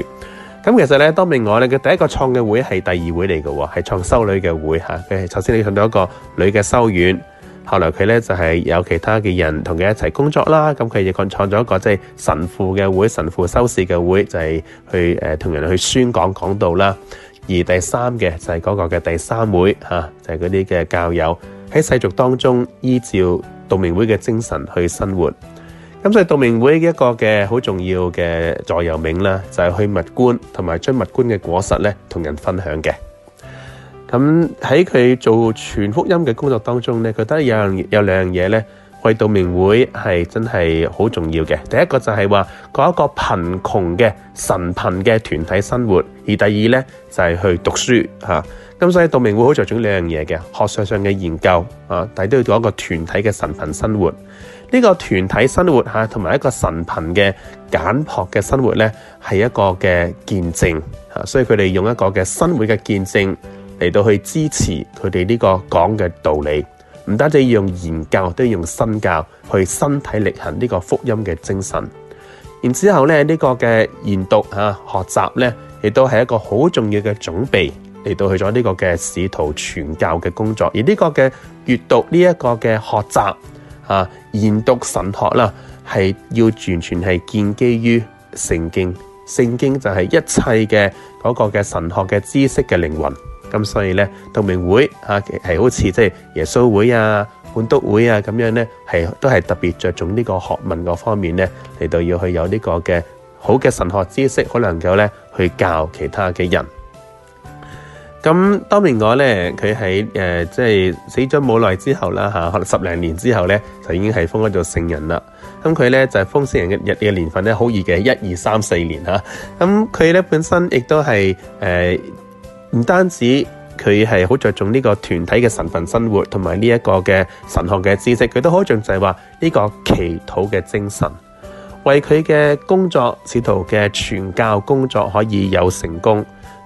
咁其實咧，道明我哋嘅第一個創嘅會係第二會嚟嘅，係創修女嘅會吓，佢係頭先你去到一個女嘅修院。後來佢咧就係有其他嘅人同佢一齊工作啦，咁佢亦創創咗一個即係神父嘅會、神父修士嘅會，就係去誒同人去宣講講道啦。而第三嘅就係嗰個嘅第三會吓，就係嗰啲嘅教友喺世俗當中依照道明會嘅精神去生活。咁所以道明會嘅一個嘅好重要嘅座右銘啦，就係去物觀同埋將物觀嘅果實咧同人分享嘅。咁喺佢做全福音嘅工作當中咧，覺得有有兩樣嘢咧。去道明會，係真係好重要嘅。第一個就係話過一個貧窮嘅神貧嘅團體生活，而第二咧就係、是、去讀書吓。咁、啊、所以道明會好着重兩樣嘢嘅學術上嘅研究啊，但都要做一個團體嘅神貧生活。呢、這個團體生活吓，同、啊、埋一個神貧嘅簡樸嘅生活咧，係一個嘅見證吓、啊。所以佢哋用一個嘅新會嘅見證。嚟到去支持佢哋呢個講嘅道理，唔單止要用言教，都要用身教去身體力行呢個福音嘅精神。然之後咧，呢個嘅研讀啊，學習咧，亦都係一個好重要嘅準備，嚟到去咗呢個嘅使徒傳教嘅工作。而呢個嘅閱讀呢一個嘅學習啊，研讀神學啦，係要完全係建基於聖經。聖經就係一切嘅嗰個嘅神學嘅知識嘅靈魂。咁所以咧，道明會啊，係好似即係耶穌會啊、本篤會啊咁樣咧，係都係特別着重呢個學問嗰方面咧，嚟到要去有呢個嘅好嘅神學知識，可能夠咧去教其他嘅人。咁道明我咧，佢喺誒即係死咗冇耐之後啦，吓可能十零年之後咧，就已經係封咗做聖人啦。咁佢咧就係封聖人嘅日嘅年份咧，好易嘅一二三四年吓。咁佢咧本身亦都係誒。唔單止佢係好着重呢個團體嘅神份生活，同埋呢一個嘅神學嘅知識，佢都好重就係話呢個祈禱嘅精神。為佢嘅工作，使徒嘅傳教工作可以有成功，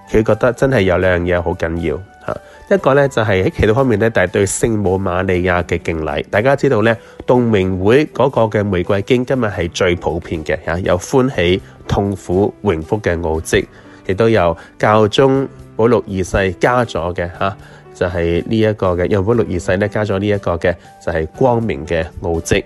佢覺得真係有兩樣嘢好緊要嚇。一個咧就係喺祈禱方面咧，就係對聖母瑪利亞嘅敬禮。大家知道咧，道明會嗰個嘅玫瑰經，今日係最普遍嘅嚇，有歡喜、痛苦、榮福嘅奧跡，亦都有教宗。保祿二世加咗嘅吓，就係呢一個嘅，因為保祿二世咧加咗呢一個嘅，就係、是、光明嘅奧跡。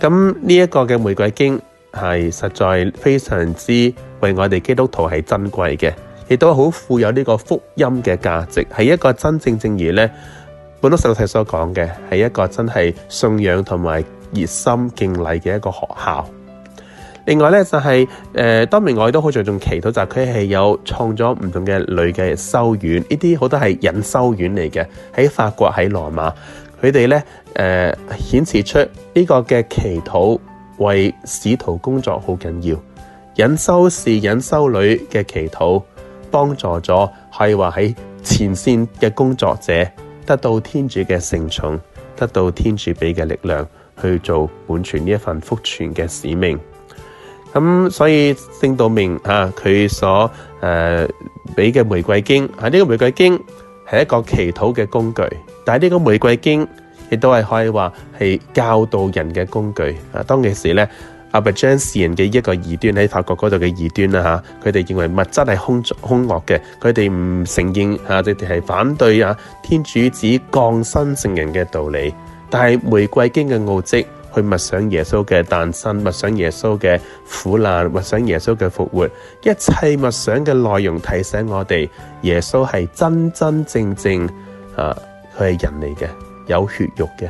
咁呢一個嘅玫瑰經係實在非常之為我哋基督徒係珍貴嘅，亦都好富有呢個福音嘅價值，係一個真正正如咧，本篤十六世所講嘅，係一個真係信仰同埋熱心敬禮嘅一個學校。另外咧就係、是、誒、呃，當明我亦都好着重祈禱，就佢、是、係有創咗唔同嘅女嘅修院，呢啲好多係隱修院嚟嘅，喺法國喺羅馬，佢哋咧誒顯示出呢個嘅祈禱為使徒工作好緊要。隱修士、隱修女嘅祈禱，幫助咗可以話喺前線嘅工作者得到天主嘅聖寵，得到天主俾嘅力量去做完全呢一份福傳嘅使命。咁所以聖道明啊，佢所誒俾嘅玫瑰經啊，呢個玫瑰經係一個祈禱嘅工具，但係呢個玫瑰經亦都係可以話係教導人嘅工具。啊，當其時咧，阿伯將聖人嘅一個異端喺法國嗰度嘅異端啦吓，佢哋認為物質係空空惡嘅，佢哋唔承認吓，即係反對啊天主子降生成人嘅道理，但係玫瑰經嘅奧迹，去默想耶穌嘅誕生，默想耶穌嘅苦難，默想耶穌嘅復活，一切默想嘅內容提醒我哋，耶穌係真真正正啊，佢係人嚟嘅，有血肉嘅。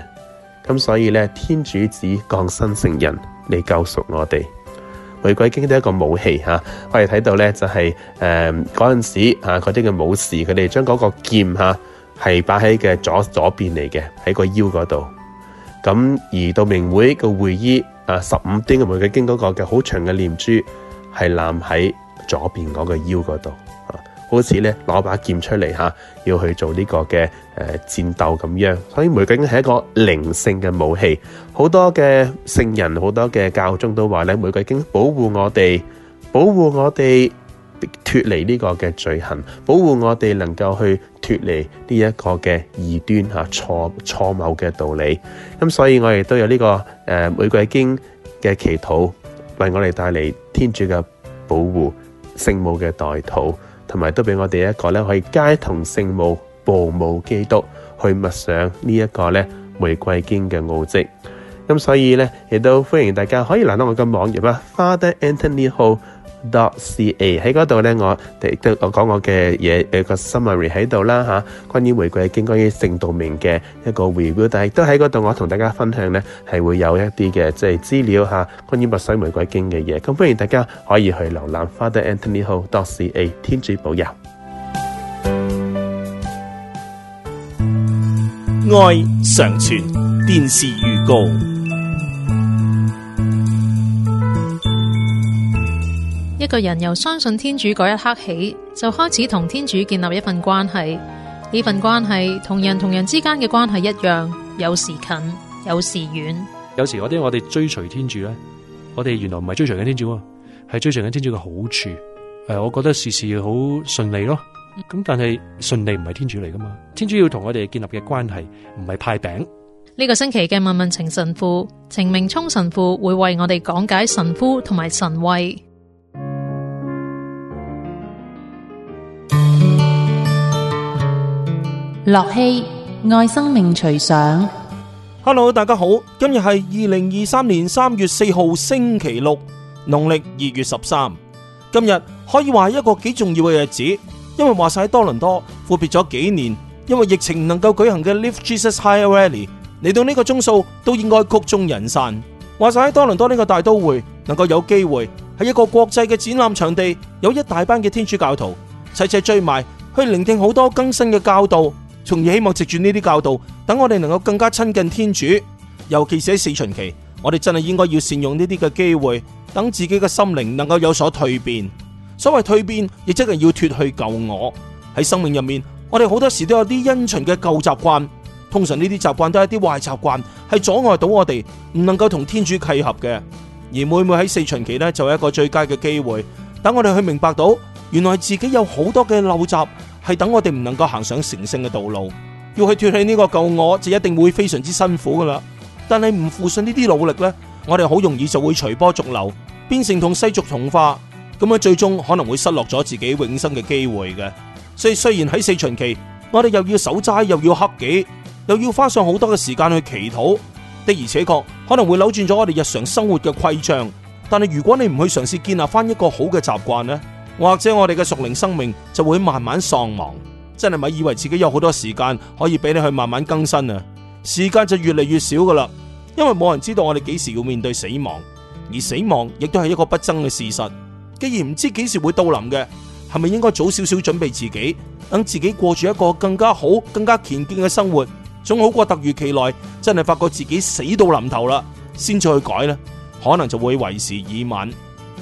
咁所以咧，天主子降生成人嚟救贖我哋。玫瑰經得一個武器吓，啊，我哋睇到咧就係誒嗰陣時吓嗰啲嘅武士，佢哋將嗰個劍吓係擺喺嘅左左邊嚟嘅，喺個腰嗰度。咁而道明會個會衣，啊，十五端嘅玫瑰經嗰個嘅好長嘅念珠係攬喺左邊嗰個腰嗰度，啊，好似咧攞把劍出嚟吓，要去做呢個嘅誒戰鬥咁樣。所以玫瑰經係一個靈性嘅武器，好多嘅聖人，好多嘅教宗都話咧，玫瑰經保護我哋，保護我哋，脱離呢個嘅罪行，保護我哋能夠去脱離呢一個嘅異端啊錯錯謬嘅道理。咁所以我亦都有呢個誒玫瑰經嘅祈禱，為我哋帶嚟天主嘅保護，聖母嘅代禱，同埋都俾我哋一個咧可以偕同聖母、父母、基督去默想呢一個咧玫瑰經嘅奧蹟。咁所以咧亦都歡迎大家可以嚟到我嘅網頁啊，Father Anthony 號。dot c a 喺嗰度咧，我亦都我講我嘅嘢，有個 summary 喺度啦吓，關於玫瑰經，關於聖道明嘅一個 review 但係都喺嗰度，我同大家分享咧係會有一啲嘅即係資料吓，啊，關於默想玫瑰經嘅嘢。咁，歡迎大家可以去瀏覽 Father Anthony 號 dot c a，天主保佑，愛常傳電視預告。一個人由相信天主嗰一刻起，就開始同天主建立一份關係。呢份關係同人同人之間嘅關係一樣，有時近，有時遠。有時我啲我哋追隨天主咧，我哋原來唔係追隨緊天主，係追隨緊天主嘅好處。誒，我覺得事事好順利咯。咁但係順利唔係天主嚟噶嘛？天主要同我哋建立嘅關係唔係派餅。呢、這個星期嘅問問情神父程明聰神父會為我哋講解神夫同埋神位。樂器愛生命隨想。Hello，大家好，今天是2023年3月4日係二零二三年三月四號星期六，農曆二月十三。今日可以話係一個幾重要嘅日子，因為話晒喺多倫多闊別咗幾年，因為疫情唔能夠舉行嘅，Lift Jesus Higher Rally 嚟到呢個鐘數都應該曲終人散。話晒喺多倫多呢個大都會，能夠有機會喺一個國際嘅展覽場地，有一大班嘅天主教徒，齊齊追埋去聆聽好多更新嘅教導，從而希望藉住呢啲教導，等我哋能夠更加親近天主。尤其是喺四旬期，我哋真係應該要善用呢啲嘅機會，等自己嘅心靈能夠有所蛻變。所謂蛻變，亦即係要脫去舊我。喺生命入面，我哋好多時都有啲因循嘅舊習慣，通常呢啲習慣都係一啲壞習慣，係阻礙到我哋唔能夠同天主契合嘅。而每每喺四旬期呢，就係一個最佳嘅機會，等我哋去明白到，原來自己有好多嘅陋習。係等我哋唔能夠行上成聖嘅道路，要去脱棄呢個舊我，就一定會非常之辛苦噶啦。但係唔付上呢啲努力呢，我哋好容易就會隨波逐流，變成同世俗同化，咁樣最終可能會失落咗自己永生嘅機會嘅。所以雖然喺四旬期，我哋又要守齋，又要克己，又要花上好多嘅時間去祈禱，的而且確可能會扭轉咗我哋日常生活嘅規章。但係如果你唔去嘗試建立翻一個好嘅習慣呢，或者我哋嘅熟齡生命就會慢慢喪亡，真係咪以為自己有好多時間可以俾你去慢慢更新啊？時間就越嚟越少噶啦，因為冇人知道我哋幾時要面對死亡，而死亡亦都係一個不爭嘅事實。既然唔知幾時會到臨嘅，係咪應該早少少準備自己，等自己過住一個更加好、更加健健嘅生活，總好過突如其來，真係發覺自己死到臨頭啦，先再去改呢，可能就會為時已晚。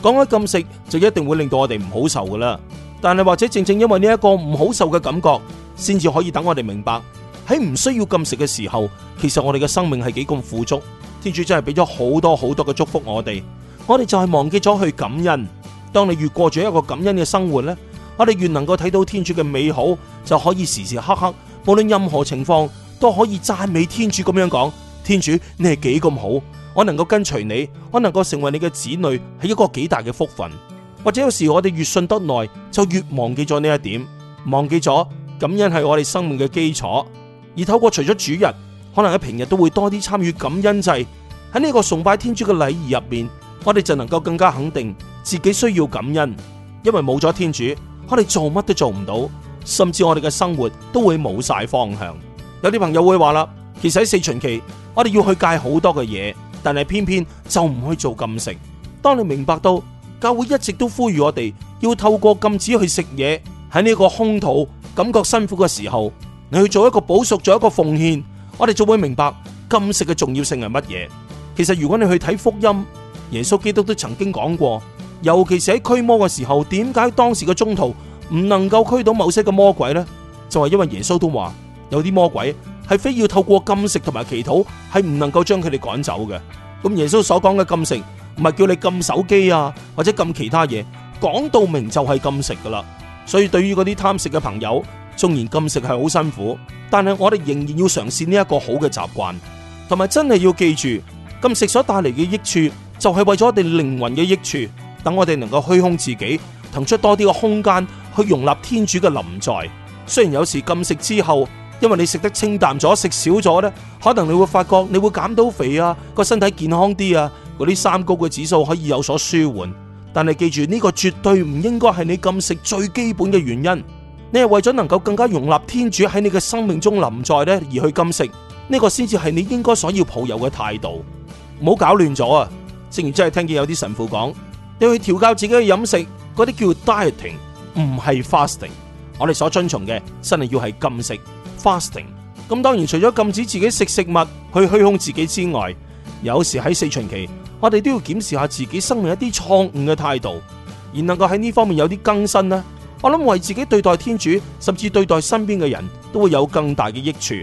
講開禁食就一定會令到我哋唔好受噶啦，但係或者正正因為呢一個唔好受嘅感覺，先至可以等我哋明白喺唔需要禁食嘅時候，其實我哋嘅生命係幾咁富足，天主真係俾咗好多好多嘅祝福我哋，我哋就係忘記咗去感恩。當你越過咗一個感恩嘅生活呢，我哋越能夠睇到天主嘅美好，就可以時時刻刻無論任何情況都可以讚美天主咁樣講：天主你係幾咁好！我能夠跟隨你，我能夠成為你嘅子女，係一個幾大嘅福分。或者有時我哋越信得耐，就越忘記咗呢一點，忘記咗感恩係我哋生命嘅基礎。而透過除咗主日，可能喺平日都會多啲參與感恩祭，喺呢個崇拜天主嘅禮儀入面，我哋就能夠更加肯定自己需要感恩，因為冇咗天主，我哋做乜都做唔到，甚至我哋嘅生活都會冇晒方向。有啲朋友會話啦，其實喺四旬期，我哋要去戒好多嘅嘢。但係偏偏就唔去做禁食。當你明白到教會一直都呼籲我哋要透過禁止去食嘢，喺呢個空肚感覺辛苦嘅時候，你去做一個補贖，做一個奉獻，我哋就會明白禁食嘅重要性係乜嘢。其實如果你去睇福音，耶穌基督都曾經講過，尤其是喺驅魔嘅時候，點解當時嘅中途唔能夠驅到某些嘅魔鬼呢？就係因為耶穌都話有啲魔鬼。係非要透過禁食、同埋祈禱，係唔能夠將佢哋趕走嘅。咁耶穌所講嘅禁食，唔係叫你禁手機啊，或者禁其他嘢。講到明就係禁食噶啦。所以對於嗰啲貪食嘅朋友，縱然禁食係好辛苦，但係我哋仍然要嘗試呢一個好嘅習慣，同埋真係要記住禁食所帶嚟嘅益處，就係為咗我哋靈魂嘅益處，等我哋能夠虛空自己，騰出多啲嘅空間去容納天主嘅臨在。雖然有時禁食之後，因為你食得清淡咗，食少咗呢，可能你會發覺你會減到肥啊，個身體健康啲啊，嗰啲三高嘅指數可以有所舒緩。但係記住呢個絕對唔應該係你禁食最基本嘅原因，你係為咗能夠更加容納天主喺你嘅生命中臨在呢而去禁食，呢個先至係你應該所要抱有嘅態度，唔好搞亂咗啊！正如真係聽見有啲神父講，你去調教自己嘅飲食，嗰啲叫 dieting，唔係 fasting。我哋所遵從嘅真係要係禁食。fasting，咁當然除咗禁止自己食食物去虛空自己之外，有時喺四旬期，我哋都要檢視下自己生命一啲錯誤嘅態度，而能夠喺呢方面有啲更新呢，我諗為自己對待天主，甚至對待身邊嘅人都會有更大嘅益處。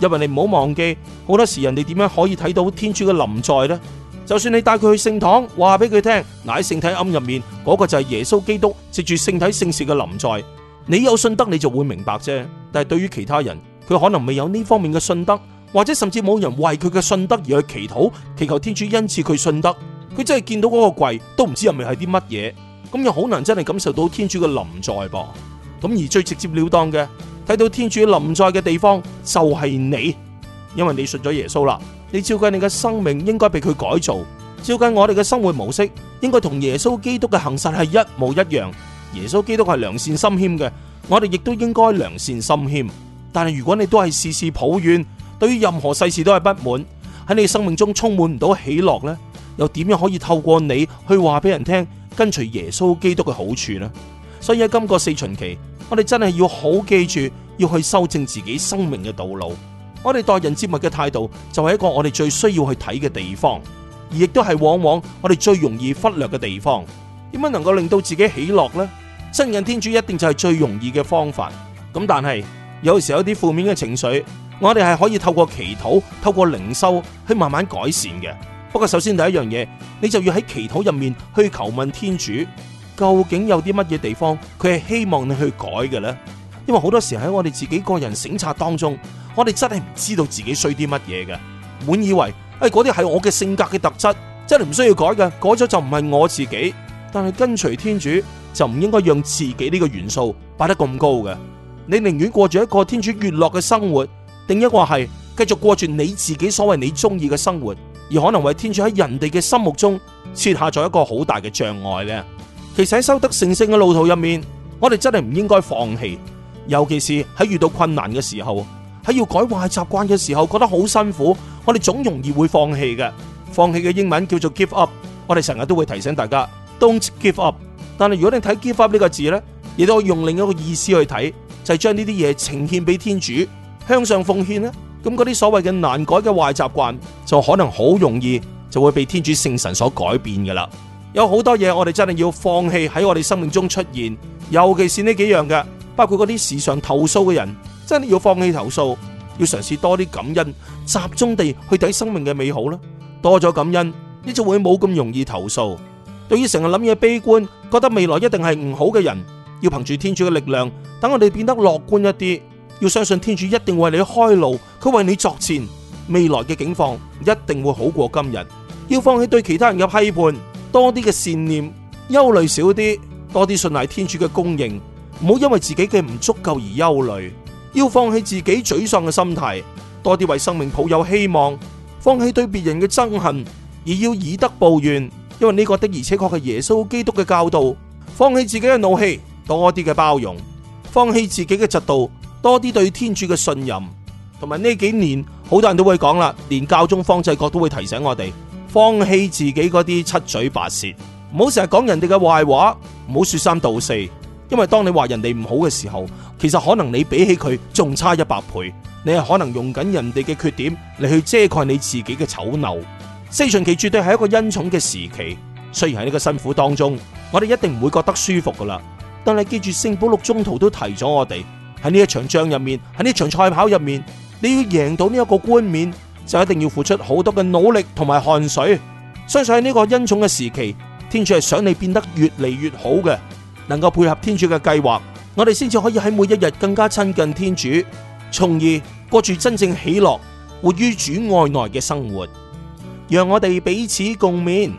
因為你唔好忘記，好多時人哋點樣可以睇到天主嘅臨在呢？就算你帶佢去聖堂，話俾佢聽，喺聖體龕入面嗰個就係耶穌基督藉住聖體聖事嘅臨在。你有信德你就會明白啫，但係對於其他人，佢可能未有呢方面嘅信德，或者甚至冇人為佢嘅信德而去祈禱，祈求天主恩賜佢信德。佢真係見到嗰個櫃都唔知係咪係啲乜嘢，咁又好難真係感受到天主嘅臨在噃。咁而最直接了當嘅睇到天主臨在嘅地方就係你，因為你信咗耶穌啦，你照計你嘅生命應該被佢改造，照計我哋嘅生活模式應該同耶穌基督嘅行實係一模一樣。耶穌基督係良善心謙嘅，我哋亦都應該良善心謙。但係如果你都係事事抱怨，對於任何世事都係不滿，喺你生命中充滿唔到喜樂呢，又點樣可以透過你去話俾人聽跟隨耶穌基督嘅好處呢？所以喺今個四旬期，我哋真係要好記住，要去修正自己生命嘅道路。我哋待人接物嘅態度就係一個我哋最需要去睇嘅地方，而亦都係往往我哋最容易忽略嘅地方。點樣能夠令到自己喜樂呢？親近天主一定就係最容易嘅方法。咁但係有時候有啲負面嘅情緒，我哋係可以透過祈禱、透過靈修去慢慢改善嘅。不過首先第一樣嘢，你就要喺祈禱入面去求問天主，究竟有啲乜嘢地方佢係希望你去改嘅呢？」因為好多時喺我哋自己個人省察當中，我哋真係唔知道自己衰啲乜嘢嘅，本以為誒嗰啲係我嘅性格嘅特質，真係唔需要改嘅，改咗就唔係我自己。但係跟隨天主。就唔應該讓自己呢個元素擺得咁高嘅，你寧願過住一個天主悅樂嘅生活，定一個係繼續過住你自己所謂你中意嘅生活，而可能為天主喺人哋嘅心目中設下咗一個好大嘅障礙呢？其實喺修德成聖嘅路途入面，我哋真係唔應該放棄，尤其是喺遇到困難嘅時候，喺要改壞習慣嘅時候，覺得好辛苦，我哋總容易會放棄嘅。放棄嘅英文叫做 give up，我哋成日都會提醒大家，don't give up。但係如果你睇 give up 呢個字呢，亦都可以用另一個意思去睇，就係將呢啲嘢呈獻俾天主，向上奉獻呢，咁嗰啲所謂嘅難改嘅壞習慣，就可能好容易就會被天主聖神所改變噶啦。有好多嘢我哋真係要放棄喺我哋生命中出現，尤其是呢幾樣嘅，包括嗰啲時常投訴嘅人，真係要放棄投訴，要嘗試多啲感恩，集中地去睇生命嘅美好啦。多咗感恩，你就會冇咁容易投訴。對於成日諗嘢悲觀，覺得未來一定係唔好嘅人，要憑住天主嘅力量，等我哋變得樂觀一啲，要相信天主一定為你開路，佢為你作戰，未來嘅境況一定會好過今日。要放棄對其他人嘅批判，多啲嘅善念，憂慮少啲，多啲信賴天主嘅供應，唔好因為自己嘅唔足夠而憂慮。要放棄自己沮喪嘅心態，多啲為生命抱有希望，放棄對別人嘅憎恨，而要以德報怨。因為呢個的而且確係耶穌基督嘅教導，放棄自己嘅怒氣，多啲嘅包容，放棄自己嘅嫉妒，多啲對天主嘅信任，同埋呢幾年，好多人都會講啦，連教宗方濟各都會提醒我哋，放棄自己嗰啲七嘴八舌，唔好成日講人哋嘅壞話，唔好說三道四，因為當你話人哋唔好嘅時候，其實可能你比起佢仲差一百倍，你係可能用緊人哋嘅缺點嚟去遮蓋你自己嘅醜陋。四旬期絕對係一個恩寵嘅時期，雖然喺呢個辛苦當中，我哋一定唔會覺得舒服噶啦。但係記住，聖保祿宗徒都提咗我哋喺呢一場仗入面，喺呢場賽跑入面，你要贏到呢一個冠冕，就一定要付出好多嘅努力同埋汗水。相信喺呢個恩寵嘅時期，天主係想你變得越嚟越好嘅，能夠配合天主嘅計劃，我哋先至可以喺每一日更加親近天主，從而過住真正喜樂、活於主愛內嘅生活。讓我哋彼此共勉。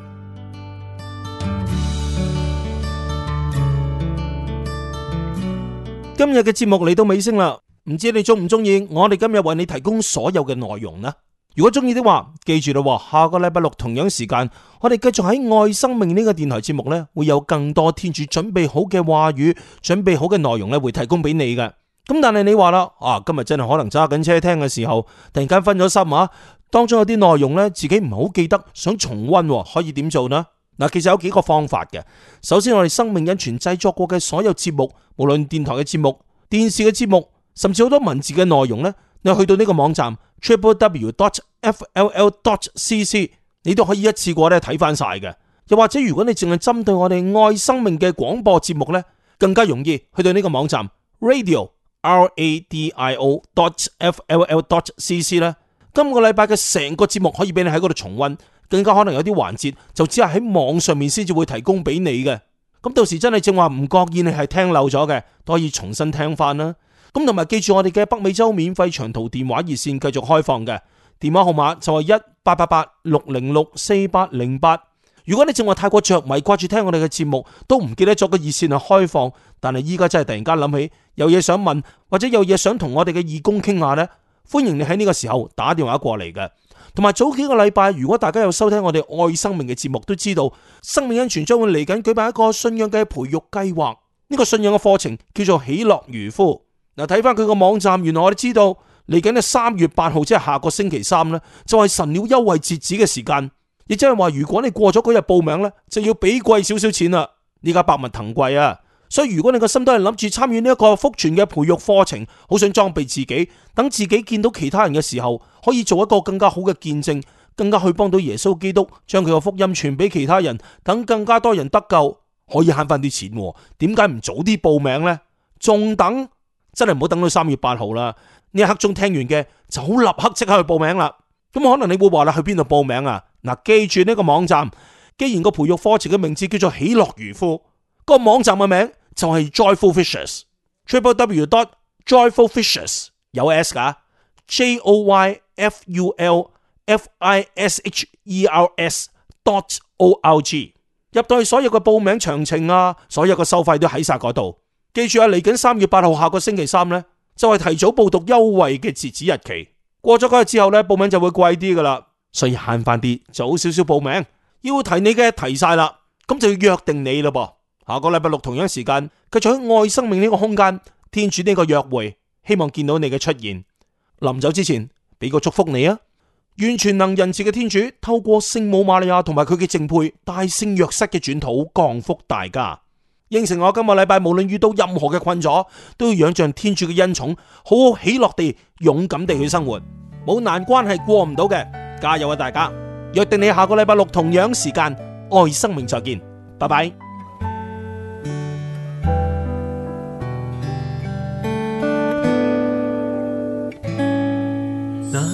今日嘅節目嚟到尾聲啦，唔知你中唔中意我哋今日為你提供所有嘅內容呢？如果中意的話，記住啦，下個禮拜六同樣時間，我哋繼續喺愛生命呢個電台節目呢，會有更多天主準備好嘅話語、準備好嘅內容咧，會提供俾你嘅。咁但係你話啦，啊今日真係可能揸緊車聽嘅時候，突然間分咗心啊！當中有啲內容咧，自己唔好記得，想重溫可以點做呢？嗱，其實有幾個方法嘅。首先，我哋生命恩泉製作過嘅所有節目，無論電台嘅節目、電視嘅節目，甚至好多文字嘅內容呢，你去到呢個網站 triple w dot f l l dot c c，你都可以一次過咧睇翻晒嘅。又或者，如果你淨係針對我哋愛生命嘅廣播節目呢，更加容易去到呢個網站 radio r a d i o dot f l l dot c c 啦。今個禮拜嘅成個節目可以俾你喺嗰度重溫，更加可能有啲環節就只係喺網上面先至會提供俾你嘅。咁到時真係正話唔覺意你係聽漏咗嘅，都可以重新聽翻啦。咁同埋記住我哋嘅北美洲免費長途電話熱線繼續開放嘅，電話號碼就係一八八八六零六四八零八。如果你正話太過着迷掛住聽我哋嘅節目，都唔記得咗個熱線係開放。但係依家真係突然間諗起有嘢想問，或者有嘢想同我哋嘅義工傾下呢，歡迎你喺呢個時候打電話過嚟嘅，同埋早幾個禮拜，如果大家有收聽我哋愛生命嘅節目，都知道生命恩泉將會嚟緊舉辦一個信仰嘅培育計劃。呢個信仰嘅課程叫做喜樂漁夫。嗱，睇翻佢個網站，原來我哋知道嚟緊嘅三月八號，即係下個星期三呢，就係神鳥優惠截止嘅時間。亦即係話，如果你過咗嗰日報名呢，就要俾貴少少錢啦。呢家百物騰貴啊！所以如果你個心都係諗住參與呢一個福傳嘅培育課程，好想裝備自己，等自己見到其他人嘅時候，可以做一個更加好嘅見證，更加去幫到耶穌基督，將佢個福音傳俾其他人，等更加多人得救，可以慳翻啲錢。點解唔早啲報名呢？仲等？真係唔好等到三月八號啦！呢一刻鐘聽完嘅，就好立刻即刻去報名啦。咁可能你會話啦，去邊度報名啊？嗱，記住呢個網站，既然個培育課程嘅名字叫做喜樂漁夫。個網站嘅名就係 Joyful Fishers，triple w dot joyful fishers 有 s 噶，j o y f u l f i s h e r s dot o r g。入到去所有嘅報名詳情啊，所有嘅收費都喺晒嗰度。記住啊，嚟緊三月八號下個星期三呢，就係提早報讀優惠嘅截止日期。過咗嗰日之後呢，報名就會貴啲噶啦，所以慳翻啲，早少少報名。要提你嘅提晒啦，咁就要約定你啦噃。下個禮拜六同樣時間繼續喺愛生命呢個空間，天主呢個約會，希望見到你嘅出現。臨走之前俾個祝福你啊！完全能仁慈嘅天主透過聖母瑪利亞同埋佢嘅正配大聖若瑟嘅轉禱降福大家，應承我今個禮拜無論遇到任何嘅困阻，都要仰仗天主嘅恩寵，好好喜樂地勇敢地去生活，冇難關係過唔到嘅。加油啊，大家！約定你下個禮拜六同樣時間愛生命再見，拜拜。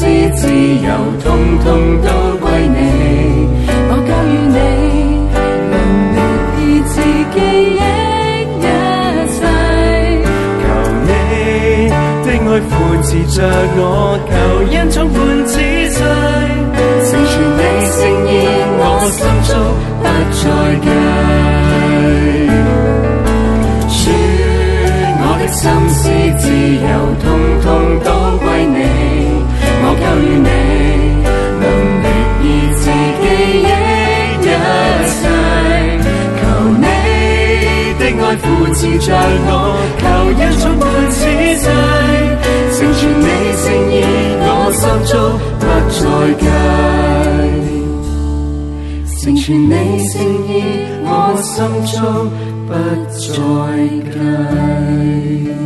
是自由，通通都歸你。我交予你，能別字記憶一切。求你的愛扶持着我，求恩充滿此世，成全你聖意，我心中不再計。傳我的心事，自由，通通都歸你。與你能歷練自己的一切，求你的愛扶持着我，求一種伴此世，成全你聖意，我心中不再計，成全你聖意，我心中不再計。